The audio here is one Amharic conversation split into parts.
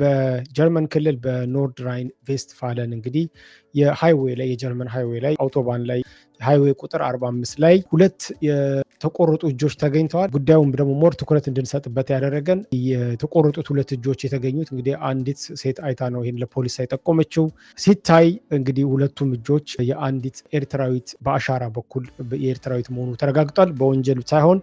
በጀርመን ክልል በኖርድ ራይን ቬስትፋለን እንግዲህ የሃይዌይ ላይ የጀርመን ሃይዌይ ላይ አውቶባን ላይ ሃይዌይ ቁጥር 45 ላይ ሁለት የተቆረጡ እጆች ተገኝተዋል። ጉዳዩም ደግሞ ሞር ትኩረት እንድንሰጥበት ያደረገን የተቆረጡት ሁለት እጆች የተገኙት እንግዲህ አንዲት ሴት አይታ ነው ይህን ለፖሊስ አይጠቆመችው። ሲታይ እንግዲህ ሁለቱም እጆች የአንዲት ኤርትራዊት በአሻራ በኩል የኤርትራዊት መሆኑ ተረጋግጧል። በወንጀል ሳይሆን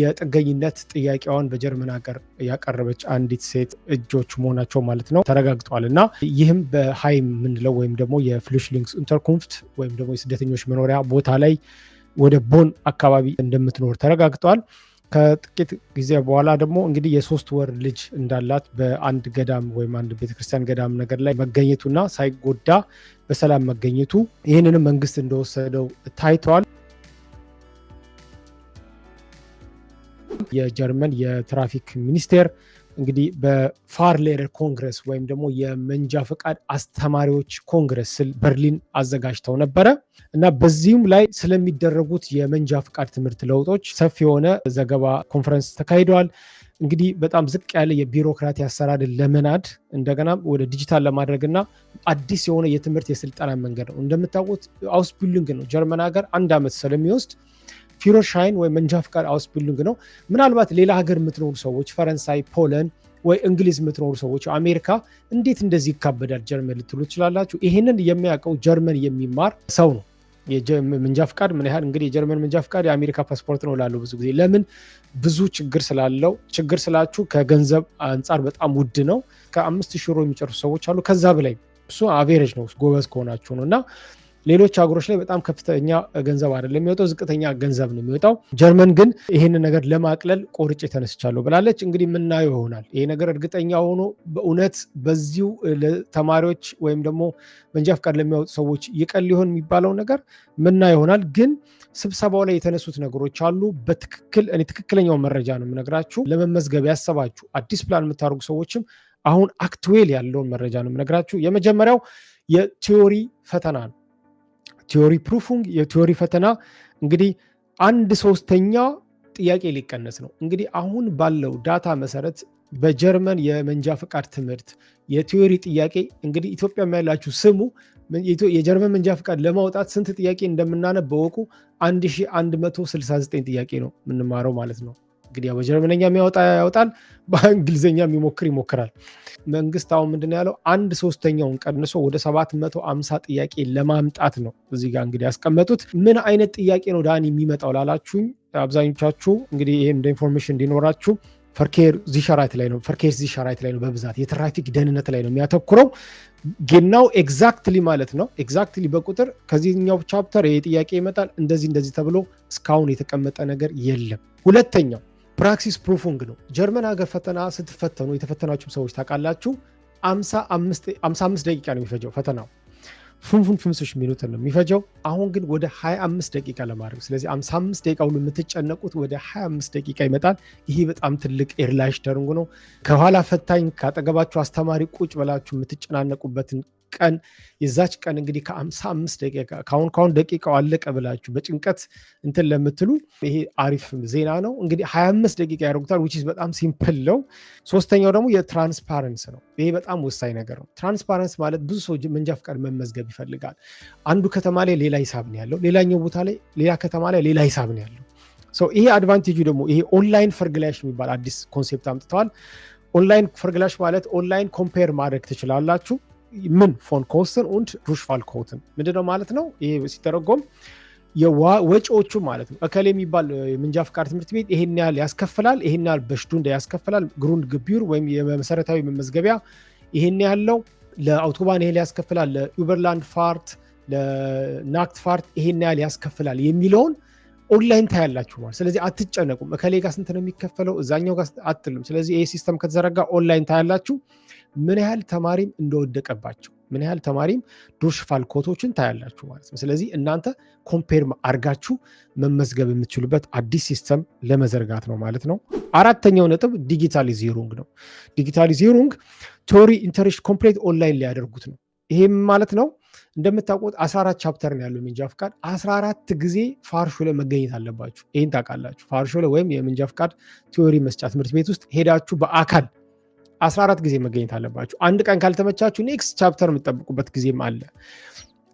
የጥገኝነት ጥያቄዋን በጀርመን ሀገር ያቀረበች አንዲት ሴት እጆች መሆናቸው ማለት ነው ተረጋግጧል። እና ይህም በሃይም የምንለው ወይም ደግሞ የፍሉሽሊንግስ ኢንተርኩንፍት ወይም ደግሞ የስደተኞች መኖሪያ ቦታ ላይ ወደ ቦን አካባቢ እንደምትኖር ተረጋግጧል። ከጥቂት ጊዜ በኋላ ደግሞ እንግዲህ የሶስት ወር ልጅ እንዳላት በአንድ ገዳም ወይም አንድ ቤተክርስቲያን ገዳም ነገር ላይ መገኘቱና ሳይጎዳ በሰላም መገኘቱ ይህንንም መንግስት እንደወሰደው ታይቷል። የጀርመን የትራፊክ ሚኒስቴር እንግዲህ በፋርሌር ኮንግረስ ወይም ደግሞ የመንጃ ፈቃድ አስተማሪዎች ኮንግረስ ስል በርሊን አዘጋጅተው ነበረ እና በዚህም ላይ ስለሚደረጉት የመንጃ ፈቃድ ትምህርት ለውጦች ሰፊ የሆነ ዘገባ ኮንፈረንስ ተካሂደዋል። እንግዲህ በጣም ዝቅ ያለ የቢሮክራቲ አሰራር ለመናድ እንደገና ወደ ዲጂታል ለማድረግና አዲስ የሆነ የትምህርት የስልጠና መንገድ ነው። እንደምታውቁት አውስቢልዲንግ ነው ጀርመን ሀገር አንድ ዓመት ስለሚወስድ ፊሮሻይን ወይም መንጃ ፍቃድ አውስቢልዲንግ ነው። ምናልባት ሌላ ሀገር የምትኖሩ ሰዎች ፈረንሳይ፣ ፖለንድ ወይ እንግሊዝ የምትኖሩ ሰዎች አሜሪካ እንዴት እንደዚህ ይካበዳል ጀርመን ልትሉ ትችላላችሁ። ይህንን የሚያውቀው ጀርመን የሚማር ሰው ነው። መንጃ ፍቃድ ምን ያህል እንግዲህ የጀርመን መንጃ ፍቃድ የአሜሪካ ፓስፖርት ነው ላለው ብዙ ጊዜ ለምን ብዙ ችግር ስላለው ችግር ስላችሁ ከገንዘብ አንጻር በጣም ውድ ነው። ከአምስት ሺህ ዩሮ የሚጨርሱ ሰዎች አሉ ከዛ በላይ እሱ አቬሬጅ ነው ጎበዝ ከሆናችሁ ነው እና ሌሎች ሀገሮች ላይ በጣም ከፍተኛ ገንዘብ አይደለም የሚወጣው፣ ዝቅተኛ ገንዘብ ነው የሚወጣው። ጀርመን ግን ይህንን ነገር ለማቅለል ቆርጬ ተነስቻለሁ ብላለች። እንግዲህ የምናየው ይሆናል። ይሄ ነገር እርግጠኛ ሆኖ በእውነት በዚሁ ለተማሪዎች ወይም ደግሞ መንጃ ፈቃድ ለሚያወጡ ሰዎች ይቀል ሊሆን የሚባለው ነገር ምናየው ይሆናል። ግን ስብሰባው ላይ የተነሱት ነገሮች አሉ። በትክክል እኔ ትክክለኛው መረጃ ነው የምነግራችሁ። ለመመዝገብ ያሰባችሁ አዲስ ፕላን የምታደርጉ ሰዎችም አሁን አክትዌል ያለውን መረጃ ነው የምነግራችሁ። የመጀመሪያው የቲዮሪ ፈተና ነው። ቲዮሪ ፕሩፉንግ የቲዮሪ ፈተና እንግዲህ አንድ ሶስተኛ ጥያቄ ሊቀነስ ነው። እንግዲህ አሁን ባለው ዳታ መሰረት በጀርመን የመንጃ ፈቃድ ትምህርት የቲዮሪ ጥያቄ እንግዲህ ኢትዮጵያ ያላችሁ ስሙ። የጀርመን መንጃ ፈቃድ ለማውጣት ስንት ጥያቄ እንደምናነብ በወቁ 1169 ጥያቄ ነው የምንማረው ማለት ነው። እንግዲህ በጀርመነኛ የሚያወጣ ያወጣል፣ በእንግሊዝኛ የሚሞክር ይሞክራል። መንግስት አሁን ምንድነው ያለው? አንድ ሶስተኛውን ቀንሶ ወደ 750 ጥያቄ ለማምጣት ነው እዚህ ጋር እንግዲህ ያስቀመጡት። ምን አይነት ጥያቄ ነው ዳኒ የሚመጣው ላላችሁኝ፣ አብዛኞቻችሁ እንግዲህ ይህም እንደ ኢንፎርሜሽን እንዲኖራችሁ ፈርኬር ዚሸራይት ላይ ነው ፈርኬር ዚሸራይት ላይ ነው በብዛት የትራፊክ ደህንነት ላይ ነው የሚያተኩረው። ጌናው ኤግዛክትሊ ማለት ነው ኤግዛክትሊ በቁጥር ከዚህኛው ቻፕተር ይሄ ጥያቄ ይመጣል እንደዚህ እንደዚህ ተብሎ እስካሁን የተቀመጠ ነገር የለም። ሁለተኛው ፕራክሲስ ፕሩፉንግ ነው። ጀርመን ሀገር ፈተና ስትፈተኑ የተፈተናችሁም ሰዎች ታውቃላችሁ፣ 55 ደቂቃ ነው የሚፈጀው ፈተናው። ፍንፍን ፍምሶች ሚኒትን ነው የሚፈጀው። አሁን ግን ወደ 25 ደቂቃ ለማድረግ ስለዚህ 55 ደቂቃውን የምትጨነቁት ወደ 25 ደቂቃ ይመጣል። ይህ በጣም ትልቅ ኤርላሽ ደርንጉ ነው። ከኋላ ፈታኝ፣ ከአጠገባችሁ አስተማሪ ቁጭ ብላችሁ የምትጨናነቁበትን ቀን የዛች ቀን እንግዲህ ከአምሳ አምስት ደቂቃ ካሁን ከአሁን ደቂቃው አለቀ ብላችሁ በጭንቀት እንትን ለምትሉ ይሄ አሪፍ ዜና ነው። እንግዲህ ሀያ አምስት ደቂቃ ያደርጉታል። ዊች በጣም ሲምፕል ነው። ሶስተኛው ደግሞ የትራንስፓረንስ ነው። ይሄ በጣም ወሳኝ ነገር ነው። ትራንስፓረንስ ማለት ብዙ ሰው መንጃ ፈቃድ መመዝገብ ይፈልጋል። አንዱ ከተማ ላይ ሌላ ሂሳብ ነው ያለው፣ ሌላኛው ቦታ ላይ ሌላ ከተማ ላይ ሌላ ሂሳብ ነው ያለው። ይሄ አድቫንቴጁ ደግሞ ይሄ ኦንላይን ፈርግላሽ የሚባል አዲስ ኮንሴፕት አምጥተዋል። ኦንላይን ፈርግላሽ ማለት ኦንላይን ኮምፔር ማድረግ ትችላላችሁ። ምን ፎን ኮስትን ኡንድ ኮትን ምንድነው ማለት ነው ይሄ ሲተረጎም ወጪዎቹ ማለት ነው። እከሌ የሚባል የምንጃ ፍቃድ ትምህርት ቤት ይሄን ያህል ያስከፍላል፣ ይሄን ያህል በሽዱንዳ ያስከፍላል፣ ግሩንድ ግቢር ወይም የመሰረታዊ መመዝገቢያ ይሄን ያለው ለአውቶባን ይሄን ያስከፍላል፣ ለዩበርላንድ ፋርት ለናክት ፋርት ይሄን ያህል ያስከፍላል የሚለውን ኦንላይን ታያላችሁ ማለት ስለዚህ አትጨነቁም። እከሌ ጋር ስንት ነው የሚከፈለው እዛኛው ጋር አትልም። ስለዚህ ይህ ሲስተም ከተዘረጋ ኦንላይን ታያላችሁ ምን ያህል ተማሪም እንደወደቀባቸው ምን ያህል ተማሪም ዱርሽ ኮቶችን ታያላችሁ ማለት ነው። ስለዚህ እናንተ ኮምፔር አርጋችሁ መመዝገብ የምትችሉበት አዲስ ሲስተም ለመዘርጋት ነው ማለት ነው። አራተኛው ነጥብ ዲጂታሊ ዜሩንግ ነው። ዲጂታሊ ዜሩንግ ኢንተሪስት ኮምፕሌት ኦንላይን ሊያደርጉት ነው። ይሄም ማለት ነው እንደምታውቁት 14 ቻፕተር ነው ያለው የምንጃ ፍቃድ። 14 ጊዜ ፋርሾ ላይ መገኘት አለባችሁ። ይህን ታውቃላችሁ። ፋርሾ ላይ ወይም የምንጃ ፍቃድ ቲዎሪ መስጫ ትምህርት ቤት ውስጥ ሄዳችሁ በአካል 14 ጊዜ መገኘት አለባችሁ። አንድ ቀን ካልተመቻችሁ ኔክስት ቻፕተር የምጠብቁበት ጊዜም አለ።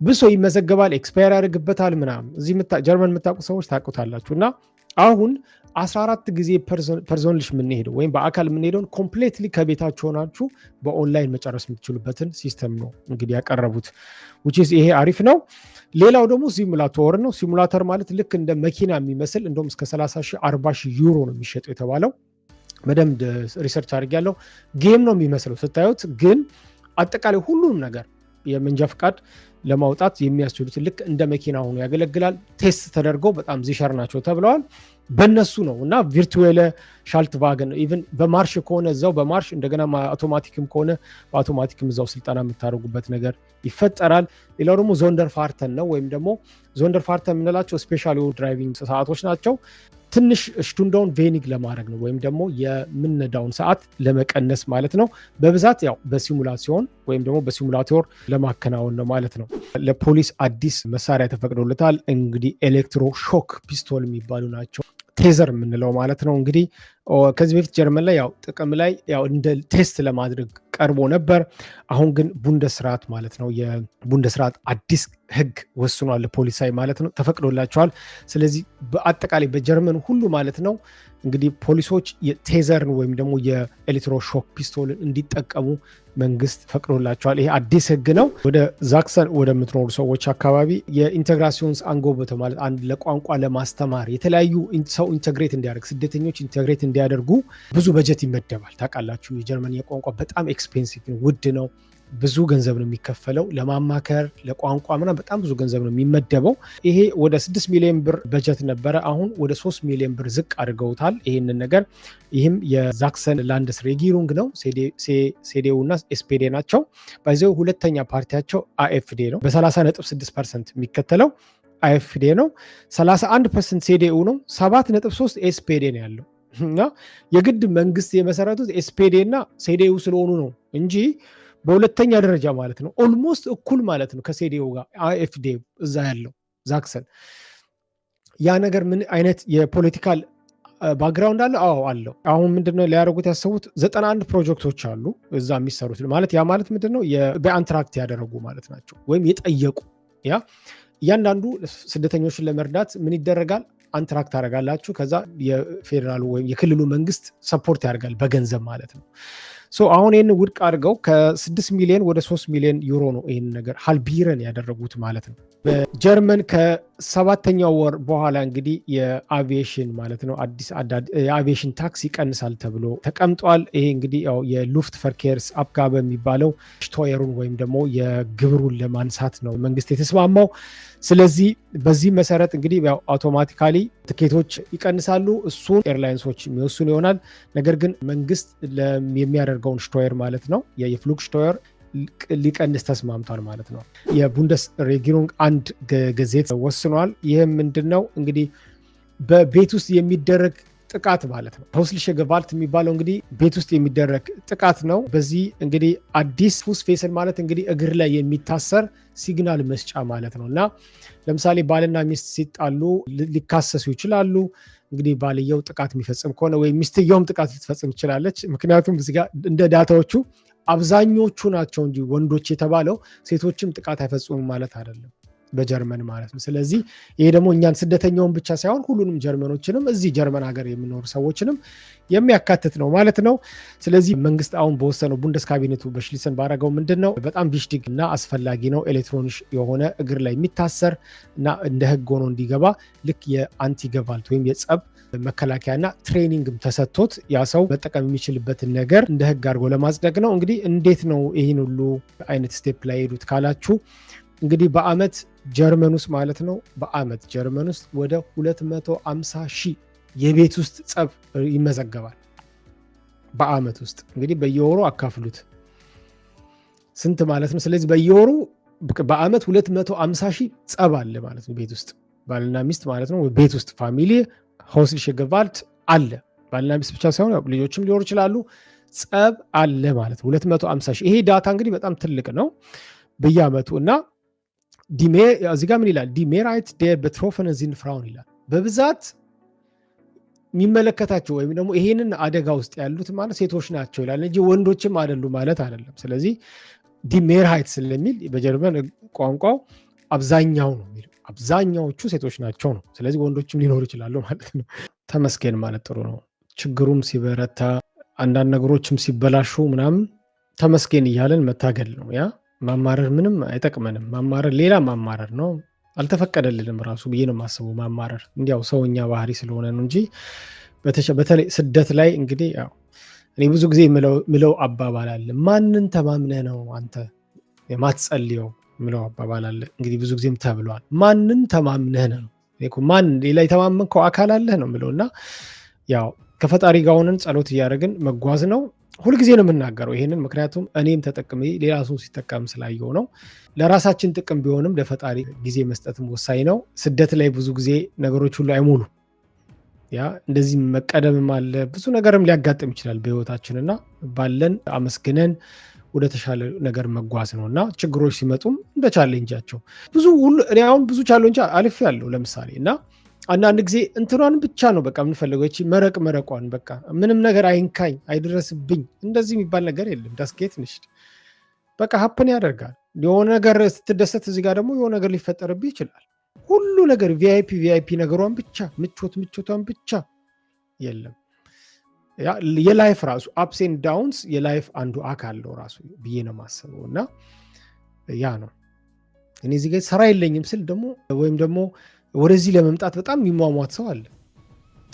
ብሶ ይመዘገባል፣ ኤክስፓየር ያደርግበታል ምናምን። እዚህ ጀርመን የምታውቁ ሰዎች ታውቁታላችሁ። እና አሁን 14 ጊዜ ፐርዞንልሽ የምንሄደው ወይም በአካል የምንሄደውን ኮምፕሌትሊ ከቤታችሁ ሆናችሁ በኦንላይን መጨረስ የምትችሉበትን ሲስተም ነው እንግዲህ ያቀረቡት። ይሄ አሪፍ ነው። ሌላው ደግሞ ሲሙላቶር ነው። ሲሙላተር ማለት ልክ እንደ መኪና የሚመስል እንደውም እስከ 30 40 ዩሮ ነው የሚሸጠው የተባለው። በደንብ ሪሰርች አድርጌያለሁ። ጌም ነው የሚመስለው ስታዩት፣ ግን አጠቃላይ ሁሉንም ነገር የመንጃ ፈቃድ ለማውጣት የሚያስችሉት ልክ እንደ መኪና ሆኖ ያገለግላል። ቴስት ተደርጎ በጣም ዚሸር ናቸው ተብለዋል። በነሱ ነው እና ቪርቱዌለ ሻልት ቫገን ኢቭን በማርሽ ከሆነ እዛው በማርሽ እንደገና አውቶማቲክም ከሆነ በአውቶማቲክም እዛው ስልጠና የምታደርጉበት ነገር ይፈጠራል። ሌላው ደግሞ ዞንደር ፋርተን ነው ወይም ደግሞ ዞንደር ፋርተን የምንላቸው ስፔሻል ድራይቪንግ ሰዓቶች ናቸው። ትንሽ እሽቱንዳውን ቬኒግ ለማድረግ ነው ወይም ደግሞ የምነዳውን ሰዓት ለመቀነስ ማለት ነው። በብዛት ያው በሲሙላሲዮን ወይም ደግሞ በሲሙላቶር ለማከናወን ነው ማለት ነው። ለፖሊስ አዲስ መሳሪያ ተፈቅዶለታል። እንግዲህ ኤሌክትሮ ሾክ ፒስቶል የሚባሉ ናቸው። ቴዘር የምንለው ማለት ነው። እንግዲህ ከዚህ በፊት ጀርመን ላይ ያው ጥቅም ላይ ያው እንደ ቴስት ለማድረግ ቀርቦ ነበር። አሁን ግን ቡንደስርዓት ማለት ነው የቡንደስርዓት አዲስ ህግ ወስኗል። ፖሊሳይ ማለት ነው ተፈቅዶላቸዋል። ስለዚህ በአጠቃላይ በጀርመን ሁሉ ማለት ነው እንግዲህ ፖሊሶች ቴዘርን ወይም ደግሞ ሾክ ፒስቶልን እንዲጠቀሙ መንግስት ፈቅዶላቸዋል። ይሄ አዲስ ህግ ነው። ወደ ዛክሰን ወደምትኖሩ ሰዎች አካባቢ የኢንቴግራሲዮንስ አንጎበተ ማለት አንድ ለቋንቋ ለማስተማር የተለያዩ ሰው ኢንቴግሬት እንዲያደርግ ስደተኞች ኢንቴግሬት እንዲያደርጉ ብዙ በጀት ይመደባል። ታውቃላችሁ የጀርመን የቋንቋ በጣም ኤክስፔንሲቭ ውድ ነው። ብዙ ገንዘብ ነው የሚከፈለው ለማማከር፣ ለቋንቋ ምናምን በጣም ብዙ ገንዘብ ነው የሚመደበው። ይሄ ወደ 6 ሚሊዮን ብር በጀት ነበረ። አሁን ወደ 3 ሚሊዮን ብር ዝቅ አድርገውታል ይህንን ነገር። ይህም የዛክሰን ላንደስ ሬጊሩንግ ነው። ሴዴው እና ኤስፔዴ ናቸው። በዚው ሁለተኛ ፓርቲያቸው አኤፍዴ ነው በ30.6 ፐርሰንት የሚከተለው አኤፍዴ ነው። 31 ፐርሰንት ሴዴኡ ነው። 7.3 ኤስፔዴ ነው ያለው እና የግድ መንግስት የመሰረቱት ኤስፔዴ እና ሴዴው ስለሆኑ ነው እንጂ በሁለተኛ ደረጃ ማለት ነው። ኦልሞስት እኩል ማለት ነው ከሴዲኦ ጋር ኤፍዲኤ እዛ ያለው ዛክሰን። ያ ነገር ምን አይነት የፖለቲካል ባክግራውንድ አለ? አዎ አለው። አሁን ምንድነው ሊያደርጉት ያሰቡት? ዘጠና አንድ ፕሮጀክቶች አሉ እዛ የሚሰሩት ማለት ያ ማለት ምንድነው በአንትራክት ያደረጉ ማለት ናቸው ወይም የጠየቁ ያ እያንዳንዱ ስደተኞችን ለመርዳት ምን ይደረጋል? አንትራክት ታደርጋላችሁ። ከዛ የፌዴራሉ ወይም የክልሉ መንግስት ሰፖርት ያደርጋል በገንዘብ ማለት ነው። አሁን ይህን ውድቅ አድርገው ከ6 ሚሊዮን ወደ 3 ሚሊዮን ዩሮ ነው ይህን ነገር ሀልቢረን ያደረጉት ማለት ነው። በጀርመን ከ ሰባተኛው ወር በኋላ እንግዲህ የአቪዬሽን ማለት ነው አዲስ የአቪዬሽን ታክስ ይቀንሳል ተብሎ ተቀምጧል። ይሄ እንግዲህ ያው የሉፍት ፈርኬርስ አብጋበ የሚባለው ሽቶየሩን ወይም ደግሞ የግብሩን ለማንሳት ነው መንግስት የተስማማው። ስለዚህ በዚህ መሰረት እንግዲህ ያው አውቶማቲካሊ ትኬቶች ይቀንሳሉ። እሱን ኤርላይንሶች የሚወስኑ ይሆናል። ነገር ግን መንግስት የሚያደርገውን ሽቶየር ማለት ነው የፍሉግ ሽቶየር ሊቀንስ ተስማምቷል ማለት ነው። የቡንደስ ሬጊሩንግ አንድ ገዜት ወስኗል። ይህም ምንድን ነው እንግዲህ በቤት ውስጥ የሚደረግ ጥቃት ማለት ነው። ሆስልሸ ገቫልት የሚባለው እንግዲህ ቤት ውስጥ የሚደረግ ጥቃት ነው። በዚህ እንግዲህ አዲስ ፉስ ፌስን ማለት እንግዲህ እግር ላይ የሚታሰር ሲግናል መስጫ ማለት ነው እና ለምሳሌ ባልና ሚስት ሲጣሉ ሊካሰሱ ይችላሉ። እንግዲህ ባልየው ጥቃት የሚፈጽም ከሆነ ወይም ሚስትየውም ጥቃት ልትፈጽም ትችላለች። ምክንያቱም እዚህ ጋር እንደ ዳታዎቹ አብዛኞቹ ናቸው እንጂ ወንዶች የተባለው ሴቶችም ጥቃት አይፈጽሙም ማለት አይደለም። በጀርመን ማለት ነው። ስለዚህ ይሄ ደግሞ እኛን ስደተኛውን ብቻ ሳይሆን ሁሉንም ጀርመኖችንም እዚህ ጀርመን ሀገር የሚኖሩ ሰዎችንም የሚያካትት ነው ማለት ነው። ስለዚህ መንግስት አሁን በወሰነው ቡንደስ ካቢኔቱ በሽሊሰን ባረገው ምንድን ነው በጣም ቪሽዲግ እና አስፈላጊ ነው ኤሌክትሮኒሽ የሆነ እግር ላይ የሚታሰር እና እንደ ህግ ሆኖ እንዲገባ ልክ የአንቲ ገቫልት ወይም የጸብ መከላከያና ትሬኒንግም ተሰጥቶት ያ ሰው መጠቀም የሚችልበትን ነገር እንደ ህግ አድርጎ ለማጽደቅ ነው። እንግዲህ እንዴት ነው ይህን ሁሉ አይነት ስቴፕ ላይ ሄዱት ካላችሁ እንግዲህ በአመት ጀርመን ውስጥ ማለት ነው። በአመት ጀርመን ውስጥ ወደ 250 ሺህ የቤት ውስጥ ጸብ ይመዘገባል። በአመት ውስጥ እንግዲህ በየወሩ አካፍሉት ስንት ማለት ነው። ስለዚህ በየወሩ በአመት 250 ሺህ ጸብ አለ ማለት ነው። ቤት ውስጥ ባልና ሚስት ማለት ነው። ቤት ውስጥ ፋሚሊ ሆስሊሽ ገቫልት አለ። ባልና ሚስት ብቻ ሳይሆን ልጆችም ሊኖሩ ይችላሉ። ጸብ አለ ማለት ነው። 250 ሺህ ይሄ ዳታ እንግዲህ በጣም ትልቅ ነው በየአመቱ እና እዚህ ጋ ምን ይላል? ዲሜራይት ደ በትሮፈን ዚን ፍራውን ይላል። በብዛት የሚመለከታቸው ወይም ደግሞ ይሄንን አደጋ ውስጥ ያሉት ማለት ሴቶች ናቸው ይላል እንጂ ወንዶችም አይደሉ ማለት አይደለም። ስለዚህ ዲሜርሃይት ስለሚል በጀርመን ቋንቋው አብዛኛው ነው የሚል አብዛኛዎቹ ሴቶች ናቸው ነው። ስለዚህ ወንዶችም ሊኖሩ ይችላሉ ማለት ነው። ተመስገን ማለት ጥሩ ነው። ችግሩም ሲበረታ አንዳንድ ነገሮችም ሲበላሹ ምናምን ተመስገን እያለን መታገል ነው ያ ማማረር ምንም አይጠቅመንም። ማማረር ሌላ ማማረር ነው። አልተፈቀደልንም ራሱ ብዬ ነው የማስበው። ማማረር እንዲያው ሰውኛ ባህሪ ስለሆነ ነው እንጂ በተለይ ስደት ላይ እንግዲህ ያው እኔ ብዙ ጊዜ ምለው አባባል አለ። ማንን ተማምነ ነው አንተ የማትጸልየው? ምለው አባባል አለ። እንግዲህ ብዙ ጊዜም ተብሏል። ማንን ተማምነህ ነው? ማን ሌላ የተማመንከው አካል አለህ ነው ምለው እና ያው ከፈጣሪ ጋር ሆነን ጸሎት እያደረግን መጓዝ ነው። ሁልጊዜ ነው የምናገረው ይህንን፣ ምክንያቱም እኔም ተጠቅሜ ሌላ ሰው ሲጠቀም ስላየው ነው። ለራሳችን ጥቅም ቢሆንም ለፈጣሪ ጊዜ መስጠትም ወሳኝ ነው። ስደት ላይ ብዙ ጊዜ ነገሮች ሁሉ አይሞሉ፣ ያ እንደዚህ መቀደምም አለ። ብዙ ነገርም ሊያጋጥም ይችላል በህይወታችንና ባለን አመስግነን ወደ ተሻለ ነገር መጓዝ ነው እና ችግሮች ሲመጡም እንደ ቻሌንጃቸው ብዙ ሁሉ እኔ አሁን ብዙ ቻሌንጅ አልፌ ያለው ለምሳሌ እና አንዳንድ ጊዜ እንትኗን ብቻ ነው በቃ የምንፈልገው። መረቅ መረቋን በቃ ምንም ነገር አይንካኝ፣ አይደረስብኝ እንደዚህ የሚባል ነገር የለም። ዳስጌት ንሽ በቃ ሀፕን ያደርጋል። የሆነ ነገር ስትደሰት እዚህ ጋር ደግሞ የሆነ ነገር ሊፈጠርብህ ይችላል። ሁሉ ነገር ቪይፒ ቪይፒ ነገሯን ብቻ ምቾት ምቾቷን ብቻ የለም። የላይፍ ራሱ አፕሴን ዳውንስ የላይፍ አንዱ አካል ነው ራሱ ብዬ ነው ማሰበው እና ያ ነው እኔ እዚህ ጋር ስራ የለኝም ስል ደግሞ ወይም ደግሞ ወደዚህ ለመምጣት በጣም የሚሟሟት ሰው አለ።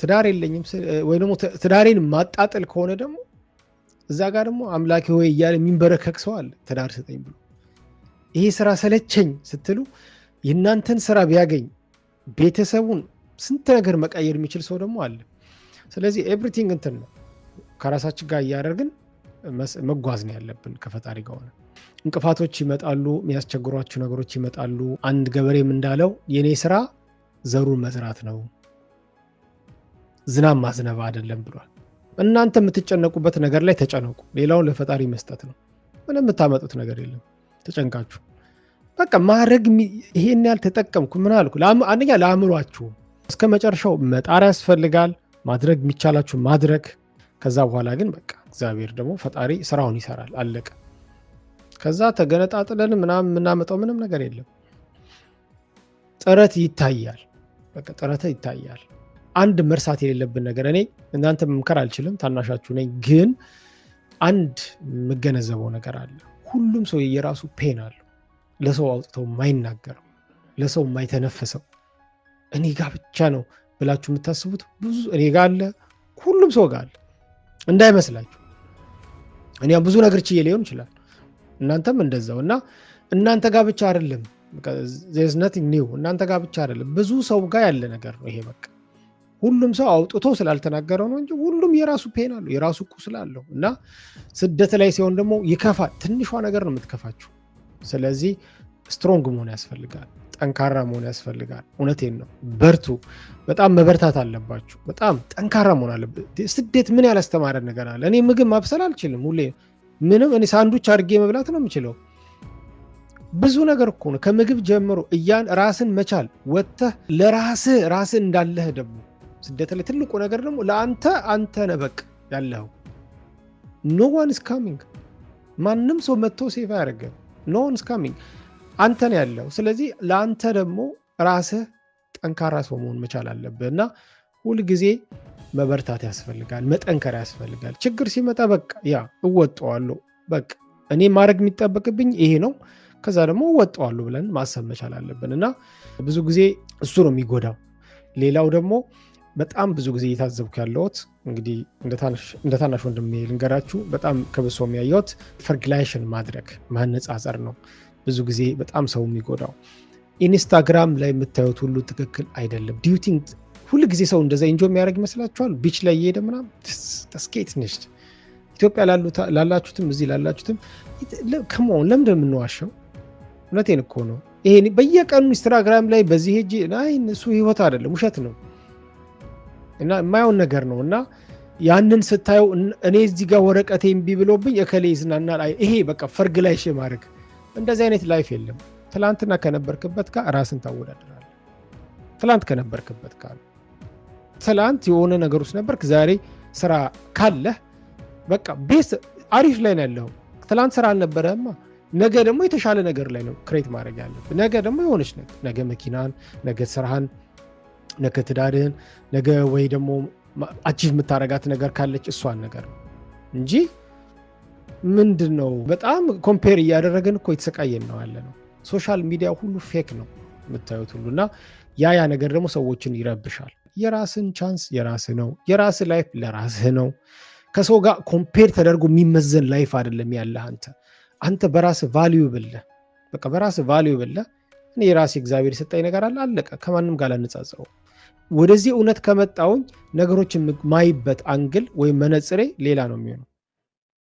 ትዳር የለኝም ወይ ደግሞ ትዳሬን ማጣጠል ከሆነ ደግሞ እዛ ጋር ደግሞ አምላኬ ሆይ እያለ የሚንበረከክ ሰው አለ። ትዳር ስጠኝ ብሎ ይሄ ስራ ሰለቸኝ ስትሉ የእናንተን ስራ ቢያገኝ ቤተሰቡን ስንት ነገር መቀየር የሚችል ሰው ደግሞ አለ። ስለዚህ ኤቭሪቲንግ እንትን ነው ከራሳችን ጋር እያደረግን መጓዝ ነው ያለብን። ከፈጣሪ ጋር ሆነ እንቅፋቶች ይመጣሉ፣ የሚያስቸግሯቸው ነገሮች ይመጣሉ። አንድ ገበሬም እንዳለው የእኔ ስራ ዘሩን መዝራት ነው፣ ዝናብ ማዝነብ አይደለም ብሏል። እናንተ የምትጨነቁበት ነገር ላይ ተጨነቁ። ሌላውን ለፈጣሪ መስጠት ነው። ምንም የምታመጡት ነገር የለም። ተጨንቃችሁ በቃ ማድረግ ይሄን ያል ተጠቀምኩ ምን አልኩ። አንደኛ ለአእምሯችሁ እስከ መጨረሻው መጣር ያስፈልጋል። ማድረግ የሚቻላችሁ ማድረግ። ከዛ በኋላ ግን በቃ እግዚአብሔር ደግሞ ፈጣሪ ስራውን ይሰራል። አለቀ። ከዛ ተገነጣጥለን ምናምን የምናመጣው ምንም ነገር የለም። ጥረት ይታያል። በቃ ጥረት ይታያል። አንድ መርሳት የሌለብን ነገር እኔ እናንተ መምከር አልችልም፣ ታናሻችሁ ነኝ። ግን አንድ የምገነዘበው ነገር አለ። ሁሉም ሰው የራሱ ፔን አለው። ለሰው አውጥተው የማይናገረው ለሰው የማይተነፍሰው እኔ ጋ ብቻ ነው ብላችሁ የምታስቡት ብዙ እኔ ጋ አለ፣ ሁሉም ሰው ጋ አለ እንዳይመስላችሁ። እኔ ብዙ ነገር ችዬ ሊሆን ይችላል፣ እናንተም እንደዛው እና እናንተ ጋ ብቻ አይደለም ዜርስ ነቲንግ ኒው እናንተ ጋር ብቻ አይደለም፣ ብዙ ሰው ጋር ያለ ነገር ነው ይሄ። በቃ ሁሉም ሰው አውጥቶ ስላልተናገረው ነው እንጂ ሁሉም የራሱ ፔን አለው፣ የራሱ ቁስል አለው። እና ስደት ላይ ሲሆን ደግሞ ይከፋል። ትንሿ ነገር ነው የምትከፋችው ስለዚህ ስትሮንግ መሆን ያስፈልጋል፣ ጠንካራ መሆን ያስፈልጋል። እውነቴን ነው። በርቱ። በጣም መበርታት አለባችሁ። በጣም ጠንካራ መሆን አለበት። ስደት ምን ያላስተማረን ነገር አለ? እኔ ምግብ ማብሰል አልችልም። ሁሌ ምንም እኔ ሳንዱች አድርጌ መብላት ነው የምችለው ብዙ ነገር እኮ ነው። ከምግብ ጀምሮ እያን ራስን መቻል ወጥተህ ለራስህ ራስህ እንዳለህ ደግሞ ስደት ላይ ትልቁ ነገር ደግሞ ለአንተ አንተ ነህ በቃ ያለኸው። ኖ ዋን ኢዝ ካሚንግ፣ ማንም ሰው መጥቶ ሴፍ አያደርግም። ኖ ዋን ኢዝ ካሚንግ፣ አንተ ነህ ያለው። ስለዚህ ለአንተ ደግሞ ራስህ ጠንካራ ሰው መሆን መቻል አለብህ እና ሁልጊዜ መበርታት ያስፈልጋል፣ መጠንከር ያስፈልጋል። ችግር ሲመጣ በቃ ያ እወጠዋለሁ። በቃ እኔ ማድረግ የሚጠበቅብኝ ይሄ ነው ከዛ ደግሞ ወጠዋሉ ብለን ማሰብ መቻል አለብን እና ብዙ ጊዜ እሱ ነው የሚጎዳው። ሌላው ደግሞ በጣም ብዙ ጊዜ እየታዘብኩ ያለሁት እንግዲህ እንደ ታናሽ ወንድሜ ልንገራችሁ፣ በጣም ከብሶ የሚያየሁት ፈርግላይሽን ማድረግ ማነጻጸር ነው ብዙ ጊዜ በጣም ሰው የሚጎዳው። ኢንስታግራም ላይ የምታዩት ሁሉ ትክክል አይደለም። ዲዩቲንግ ሁል ጊዜ ሰው እንደዛ ኢንጆ የሚያደርግ ይመስላችኋል? ቢች ላይ እየሄደ ምናምን ተስኬት ነች። ኢትዮጵያ ላላችሁትም እዚህ ላላችሁትም ከመሆን ለምንድን የምንዋሸው? እውነቴን እኮ ነው። ይሄ በየቀኑ ኢንስታግራም ላይ በዚህ ሄጅ እሱ ህይወት አይደለም ውሸት ነው እና የማየውን ነገር ነው እና ያንን ስታየው እኔ እዚህ ጋር ወረቀቴ እምቢ ብሎብኝ እከሌ ይዝናናል። ይሄ በቃ ፈርግ ላይ ሽ ማድረግ እንደዚህ አይነት ላይፍ የለም። ትላንትና ከነበርክበት ጋር ራስን ታወዳድራለህ። ትላንት ከነበርክበት ጋር ትላንት የሆነ ነገር ውስጥ ነበርክ። ዛሬ ስራ ካለህ በቃ ቤስ አሪፍ ላይ ነው ያለው። ትላንት ስራ አልነበረማ ነገ ደግሞ የተሻለ ነገር ላይ ነው ክሬት ማድረግ ያለብህ። ነገ ደግሞ የሆነች ነገር ነገ መኪናን፣ ነገ ስራህን፣ ነገ ትዳርህን፣ ነገ ወይ ደግሞ አቺቭ የምታረጋት ነገር ካለች እሷን ነገር ነው እንጂ ምንድን ነው በጣም ኮምፔር እያደረግን እኮ የተሰቃየን ነው ያለ ነው። ሶሻል ሚዲያ ሁሉ ፌክ ነው የምታዩት ሁሉ እና ያ ያ ነገር ደግሞ ሰዎችን ይረብሻል። የራስን ቻንስ የራስህ ነው። የራስህ ላይፍ ለራስህ ነው። ከሰው ጋር ኮምፔር ተደርጎ የሚመዘን ላይፍ አይደለም ያለህ አንተ አንተ በራስ ቫሊዩ ብለ በቃ በራስ ቫሊዩ ብለ እኔ የራሴ እግዚአብሔር የሰጠኝ ነገር አለ አለቀ። ከማንም ጋር ላነጻጽረው። ወደዚህ እውነት ከመጣውኝ ነገሮችን ማይበት አንግል ወይም መነጽሬ ሌላ ነው የሚሆነው።